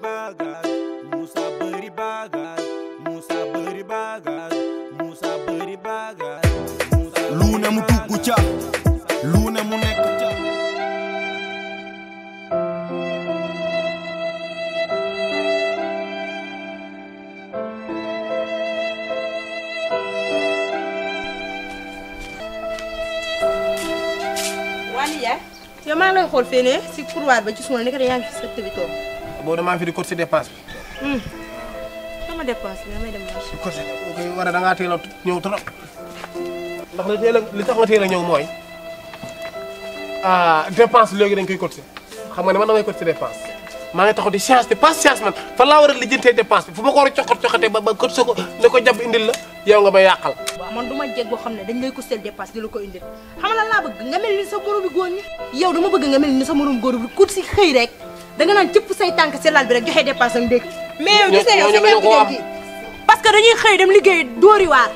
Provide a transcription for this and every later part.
beribagas, Musa beribagas, Musa beribagas, Musa beribagas. Luna mu tukku ca, Luna mu nekk ca. Wani ya, yow maa ngi lay xool fii ne si couloir ba ci suuna nekk da yaa ngi fi sa tëbi toog. boo damaa fi di cotiser dépense bi. Hmm. sama dépense bi damay dem marché. cotiser ok war a da ngaa teel a ñëw ndax li teel a li tax a ñëw mooy ah dépense léegi dañ koy cotiser xam nga ne man damay cotiser dépense maa ngi taxaw di chance a lijjantee dépense bi fu ma ko war a coxat coxatee ba ba cotiser ko ne ko jàpp indil la yow nga may yàqal. man du ma jeg boo xam ne dañ lay cotiser dépense di la ko indil xam nga laa bëgg nga mel ni sa moromu góor ñi. yow dama bëgg nga mel ni sa moromu góor bi ku si xëy rek. da nga naan cëpp say tank ci lal bi rek joxe dépense am dekk mais yow gisé yow ñu ko jom parce que dañuy xey dem liggéey doori waar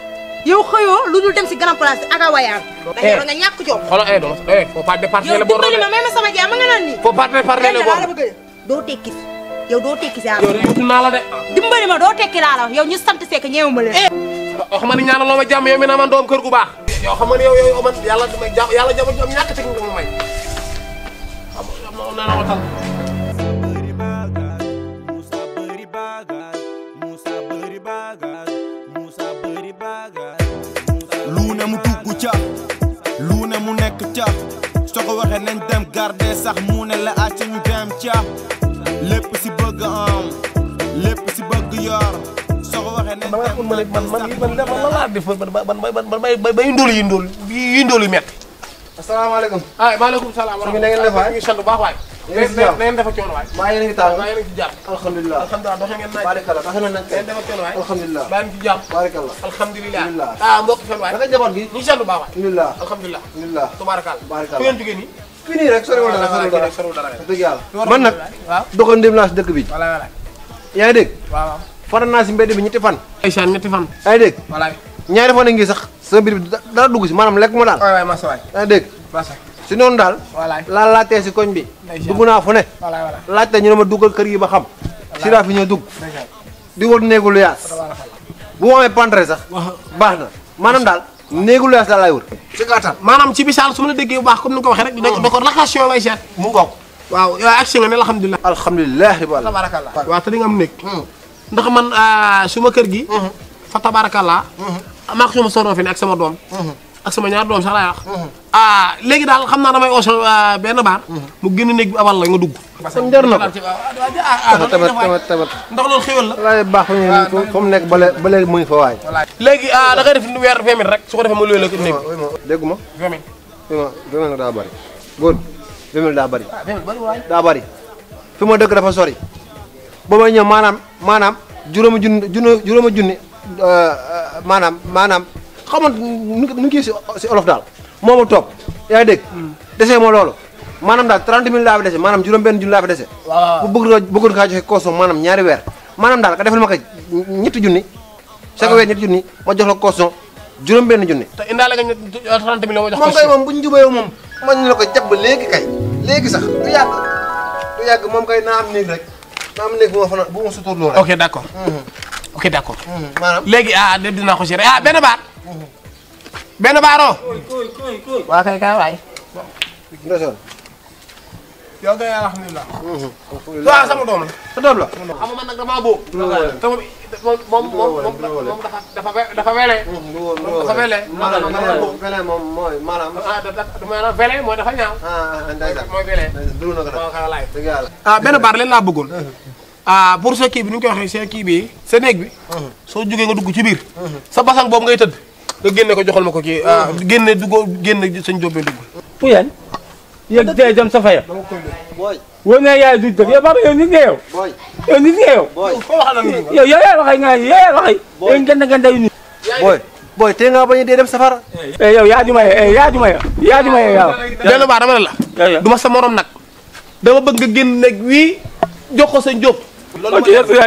yow xeyo lu dul dem ci grand place aga wayar eh da nga ñàkk jom. xoolal eh dama eh faut pas déparler la boo rëbee yow même sama jaam ma nga naan nii. faut pas déparler la boo doo tekki yow doo tekki si àll. yow naa la de. dimbali ma doo tekki laa la yow ñu sant seek ñeewu ma leen. yoo xam ne ñaanal loo ma jàmm yow mi naa man doom kër gu baax. yoo xam ne yow yow man dama may xam nga na gardé sax mu ne la acca ñu dem ca lépp si bëgg am lépp si bëgg yor soo ko waxee ne dama un malik man man man dama la laa def ban ban man ban bay bay ndol yi ndol yi ndol yu met asalaamaaleykum ay maaleykum salaam wa rahmatulah ngeen def waay sant bu baax waay ngeen dafa coono waay maa ngi tàng maa ngi ci jàpp alhamdulilah alhamdulilah doxe ngeen fini rek soriwul dara soriwul dara dëgg yàlla man nag doxandéem naa si dëkk bi yaa ngi dégg faral naa si mbedd bi ñetti fan aysan ngi dégg ñaari fan a ngi sax sa mbir bi dara dugg si maanaam lekk ma daal waay masa waay dégg si noonu daal laa laajtee si koñ bi dugg naa fu ne laajte ñu ne ma duggal kër gi ba xam si laa fi ñëw dugg di wër néegu lu yaas bu ma amee sax baax na maanaam daal néegu lees la lay wër. ci gàttal maanaam ci misaal su ma la déggee bu baax comme ni nga ko waxee rek. d'accord location lay seet. mu ngoog waaw yow agsi nga ne alhamdulilah. alhamdulilah ribaala tabarakallah. waaw te di nga am nekk. Hmm. ndax man ah, suma kër gi. Hmm. fa tabarakallah. Hmm. maa ko suma soroo fi ne ak sama doom. ak sama ñaar doom sax laay wax mhm. ah léegi dal, xamna naa damay oosal ah, ben bar mhm. mu génn neeg bi abal la nga dugg sama jar na ko tamat ah, ah, tamat ndax lool xewal la lay bax ñu comme nek balé balé léegi mu ngi fa waay da ngay def weer 20 mille rek su ko defee mo loy la ko neeg deguma 20 mille 20 mille daa bari góor 20 mille daa bari daa bari fi mo deug dafa sori ba ma manam manam juroma juróomi juroma juróomi euh, euh manam manam xamoon nu ngi si si olof daal moo ma toog yaa ngi dégg hmm. dese ma loolu maanaam daal 30 mille laa fi dese maanaam juróom benn junni laa fi dese bu bëgg bëggoon kaa joxe caution maanaam ñaari weer maanaam daal nga defal ma ko ñetti junni chaque weer ñetti junni ma jox la caution benn junni te indaale nga 30 mille ma jox moom kay moom bu ñu moom man ñu la ko jàpp léegi kay léegi sax du yàgg du yàgg moom kay naa am néeg rek naa am néeg bu ma fanaan bu ma suturloo rek ok d'accord hmm. ok d'accord hmm, léegi ah def dinaa ko gérer ah benn benn baaro. waa kay kaay waay. alhamdulilah. Mhm. waaw moom moom dafa dafa dafa wele. dafa wele. Ah, maanaam wele moom dafa ñaaw. Ah, ah, benn baar leen laa bëggoon. Mhm. ah pour sa kii bi nu ko koy waxee sa kii bi sa néeg bi. Mhm. soo jugee nga dugg ci biir. sa basang boobu ngay tëdd. nga génne ko joxal ma ko kii ah génne duggoo génne sañ jóob dugg. Pouyen yéeg tey dem sa faya. wóor na yaay duñ def yow papa yow nit nga yow. yow nit nga yaay waxay nga yaay waxay. yow dee dem safara. Eh, yow yaa di maye eh, yaa di maye yaa di maye yow. benn baa dama ne la. sa morom nag. dama bëgg nga génn nag wii jox ko sa njóob.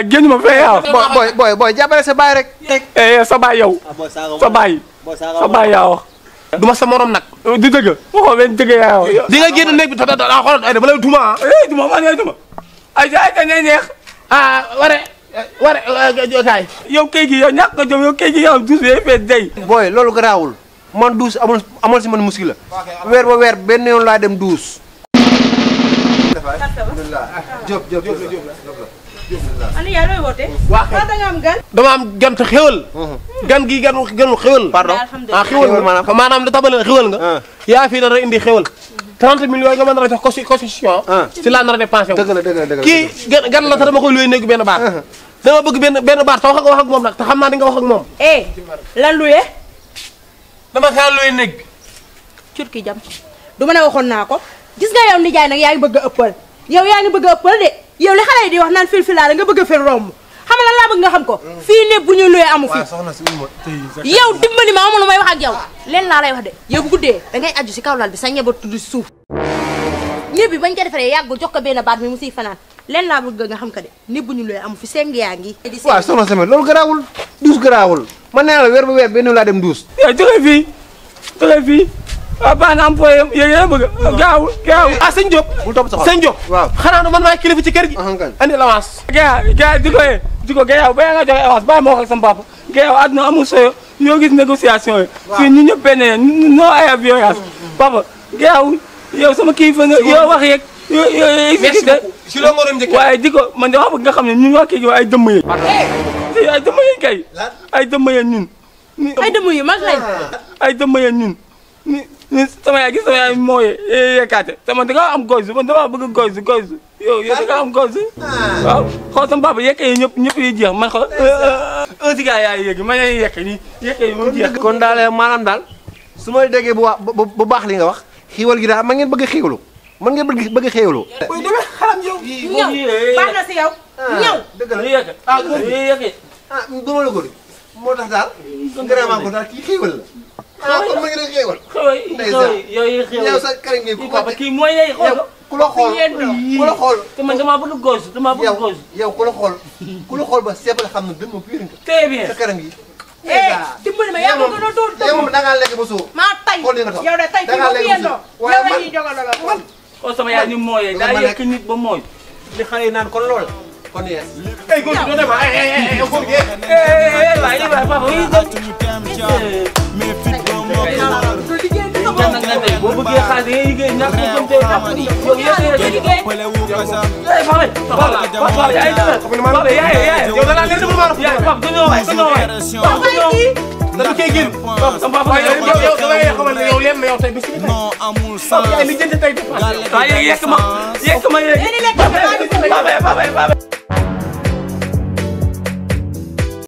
génn ma fee ah. yaa. booy booy booy jàppale sa baay rek teg. Eh, eh, sa baay yow. Ah, sa baay sa baay yaa wax. duma sa morom nag. Oh, di dëgg. waxoo benn dëgg yaa wax. di nga génn néeg bi dafa daa xoolal ay da ba lay duma ay ah. eh, duma man ay duma. ay ay dañ lay neex. ah ware ware kaay. yow kay gi yow ñàkk nga jom yow kay gi yow douze yooyu fee dey. booy loolu garaawul man douze amul amul si man muskila weer ba weer benn yoon laa dem douze. alhamdulilah Diop Diop Diop ani yaa looy woote. waa da nga am gan. dama am gan gi ganu ganu xéwal. pardon ah xéwal nga maanaam maanaam li tax ma leen xéwal nga. Ah. yaa fii dara indi xéwal. 30 millions nga mën dara jox ko ah. a dépensé la dëgg la dëgg la kii gan gan la sax dama koy luy néegu benn baat. Ah. dama bëgg benn benn baat te wax nga wax ak moom nag te xam naa nga wax moom. Eh, lan luye. dama kaa luy néeg. cur jam du ma ne waxoon naa ko gis nga yow nijaay nag yaa ngi bëgg a ëppal yow yaa ngi bëgg a ëppal de yow li xale yi di wax naan fil filaa la nga bëgg a fil romb xam la laa bëgg nga xam ko mm. fii ne bu ñu luyee amu fi yow dimbali ma amul may wax ak yow leen laa lay wax de yow bu guddee da ngay si kaw lal bi sa ñeba tudd suuf ñëb bi bañ ko defaree yàggul jox ko benn baat mi mu siy fanaan leen laa bëgg nga xam ko de ne bu ñu luyee amu fi seng yaa ngi waaw soxna Seme loolu garaawul duus garaawul man nee la weer ba weer benn laa dem duus yow joxe fii joxe fii waaw baax na employé yéen yéen a a. gaaw gaaw ah sëñ Diop. bul topp sa xol xanaa man maay kilifa ci kër gi. Ah, andi l'avance. gaa gaa di nga joxe avance bàyyi ma wax ak sama papa gaa yow àdduna sooyo yoo gis négociation yi. waaw fii ñu ñëpp benn yéen non ay ab violence. Mm, mm, mm. papa gaa yow sama kilifa nga yoo wax yeeg. yoo yoo si loo moroom njëkk waaye di ko man de wax bëgg nga xam ne ñun wa kii ay dëmm yéen. Eh, ay dëmm yéen kay. ay dëmm yéen ñun. ay dëmm yéen mag lañ. ay dëmm yéen ñun sama yaay gis sama yaay mooyee eh, yekkaate sama da nga am goyzu man damaa bëgg goyzu goyzu yow yow da nga am goyzu ah. waaw xool sama papa yekke yi ñëpp ñëpp yi jeex man xool eh, eh, un cigare yaay yéegi ma ne yekke ni yekke yi mu jeex kon daal maanaam daal su may déggee bu waa bu baax li nga wax xiiwal gi daal ma ngeen bëgg xiiwalu man ngeen bëgg bëgg xéewloo. mooy dama xalam yow. ñëw baax na si yow. Ah, ñëw dëgg la ñuy yëkk ah góor ñuy yëkk ah duma la góor moo tax daal. vraiment ko daal kii xéewal la. ah kon ma ngi doon xéewal. yow sa kër ngay ku ko kii mooy yey xool ku la xool ku la xool. te man damaa bëgg gauche damaa bëgg gauche. yow ku la xool ku la xool ba seeb la xam ne dënnu pire nga. très bien sa këram gi. dimbali ma yaa ma gën a doon dënnu yow moom da ngaa lekk ba suur. maa tay yow de tay fi mu yendoo yow la ñuy jogaloo la kon sama yaay ni mooyee daa yekk nit ba mooy. li xale yi naan kon lool kon yees. ay góor gi doo dem ay ay ay góor gi Aliou waaye papa muy doon est boo bëggee xaalis da ngay liggéey ñàkk a jëm tey ñàkk a ji yow yaa ngi lay liggéey. papa yaay papa yaay yaay yow da laa leen di mën a. yaay papa dañoo waay dañoo waay papa dañoo waay. dañu koy génn papa sama papa yow yow da ngay xamal ne yow léem na yow tey bis bi tey. papa yaay li jënd tey. waaye yekk ma yekk ma yekk. papa yaay papa yaay papa yaay.